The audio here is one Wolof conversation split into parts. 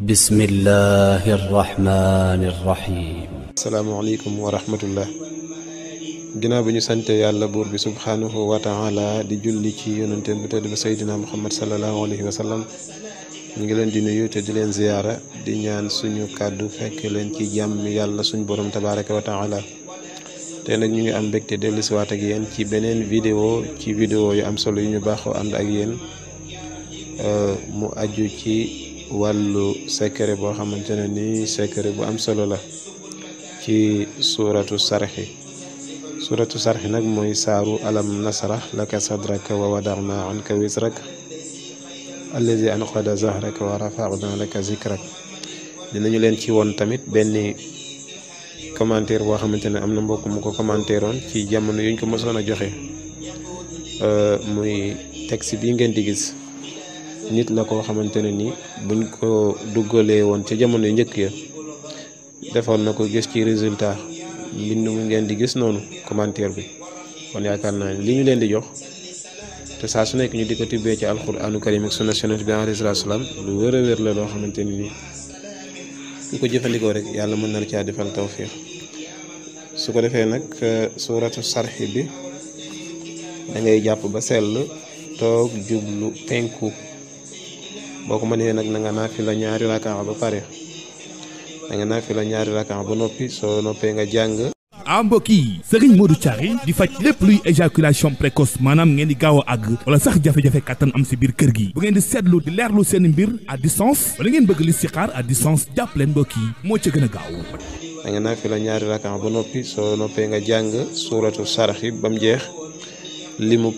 bismillahi rahmaani rahiim. asalaamaaleykum wa rahmatullah. ginaaw bi ñu santee yàlla buur bi subhaanahu wa taala di julli ci yonenteem bu tedd ba Seydina Muhammad sallallahu alayhi wa sallam ngi leen di nuyu te di leen ziyaara di ñaan suñu kàddu fekk leen ci jàmm yàlla suñu borom tabaaraka wa taala te nag ñu ngi am mbégte dellusiwaat ak yéen ci beneen vidéo ci vidéo yu am solo yu ñu baaxoo ànd ak yéen euh, mu aju ci. wàllu secret boo xamante ne nii secret bu am solo la ci suuratu sarxi suuratu sarxi nag mooy saaru alam nasrah laka sadraka wa wada'na anka wisrak allazi anqada zahraka wa rafa'na laka zikrak dinañu leen ci woon tamit benn commentaire boo xamante ne am na mbokk mu ko commentaire woon ci jamono yuñ ko mosoon a joxe euh, muy texte bi ngeen di gis nit la ko xamantene ni buñ ko duggalé won ci jamono ñëk ya defoon nako gis ci résultat min nu ngeen di gis noonu commentaire bi kon yaakaar na li ñu leen di jox te sa su nekk ñu diko ko ci alcorane karim ak sunna sunna bi alayhi salaatu salaam lu wër a la loo xamanteni ni ku ko jëfandikoo rek yalla mëna la ci defal tawfiq su ko defee nak euh, suratu sarh bi da ngay japp ba sel tok jublu penku boko ko nak nag na nga la ñaari rakaa ba pare na nga la ñaari rakaa ba so no noppee nga jang ah mbokk modou tiari di fajj lepp luy éjaculation précoce manam ngeen di gaaw ag wala sax jafé jafé katan am ci bir kër gi bu ngeen di sétlu di leerlu seen mbir à distance wala ngeen bëgg li sixaar à distance japp len mbokk mo ci gëna la ñaari ba nga jang sarhi bam jeex limu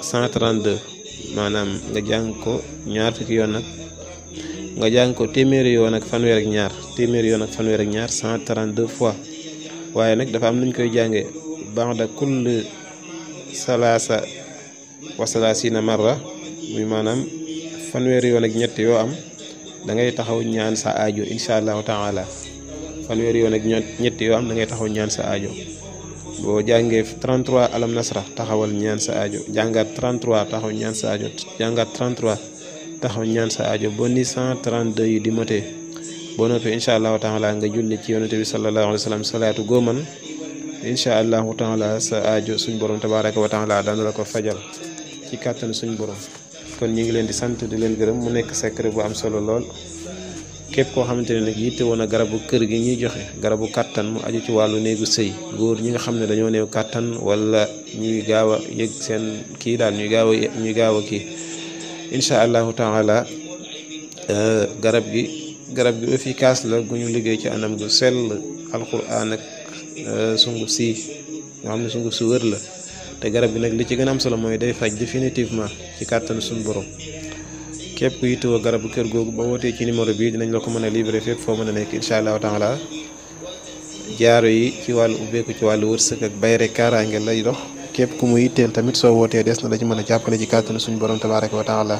132 maanaam nga jàng ko ñaar fukki yoon nag nga jàng ko téeméeri yoon ak fanweer ak ñaar téeméeri yoon ak fanweer ak ñaar cent trente-deux fois waaye nag dafa am nuñ koy jànge ba'da kulli salaasa wa salaasina marra muy maanaam fanweer yoon ak ñett yoo am da ngay taxaw ñaan sa aajo incha allahu taala fanweeri yoon ak ñett yoo am da ngay taxaw ñaan sa ajo boo jàngee 33 alam nasra taxawal ñaan sa ajo jàngaat 33 taxaw ñaan sa aajo jàngaat 33 taxaw ñaan sa ajo ba ni 132 yi di motee boo noppee allah allahu taala nga julli ci yonente bi sallallahu alayhi wa sallam salaatu góoman incha allahu taala sa ajo suñ borom tabaraka wa taala dana la ko fajal ci kàttan suñ borom kon ñu ngi leen di sant di leen gërëm mu nekk secret bu am solo lool képp koo xamante ne nag yitte woon garabu kër gi ñuy joxe garabu kàttan mu aju ci wàllu néegu sëy góor ñi nga xam ne dañoo néew kàttan wala ñuy gaaw a yëg seen kii daal ñuy gaaw a ñuy gaaw a kii incha allahu taala euh, garab gi garab gi efficace la gu ñu liggéey ci anam gu sell alquran ak euh, sunguf si nga xam ne sunguf su wër la te garab gi nag li ci gën am solo mooy day faj définitivement ci kàttanu suñu borom képp ku yittewoo garabu kër googu ba wootee ci numéro bii dinañ la ko mën a livrer fépp foo mën a nekk incha allahu taala jaaro yi ci wàllu ubbeeku ci wàllu wërsëg ak bayre kaaraange lay dox képp ku mu yitteel tamit soo wootee des na la ci mën a jàppale ci kàttanu suñu borom tabaraka wa taala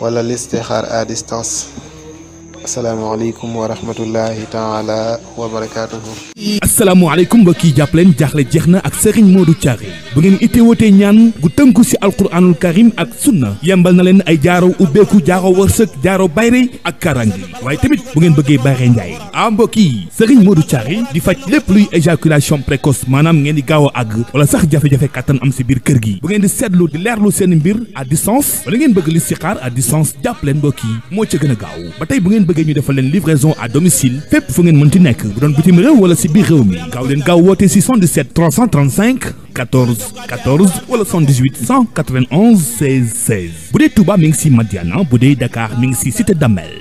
wala listixaar à distance Assalamualaikum warahmatullahi taala wabarakatuh. Assalamualaikum asalaamaaleykum japlen jaxle jeexna ak Serigne Modou Thiaré bu ngeen ité woté ñaan gu tënku si alquranul karim ak sunna yambal na len ay jaaro ubbeeku jaaro wërseuk jaaro bayre ak karangi waaye tamit bu ngeen bëggee bayre njaay am bokki Serigne Modou Thiaré di fajj lepp luy éjaculation précoce manam ngeen di gawo ag wala sax jafé jafé katan am ci bir kër gi bu ngeen di sétlu di lérlu seen bir à distance wala ngeen bëgg listixaar à distance jàpp bokki mo ci gëna ca gaaw ba tay bu ngeen bëggee ñu defal leen livraison à domicile fépp fu ngeen mënti nekk bu doon bitim réew wala si biir réew mi gaaw leen gaaw woote si 77 335 14 14 wala 78 191 16 16 bu dee Touba mi ngi si Madiana bu dee Dakar mi ngi si Cité Damel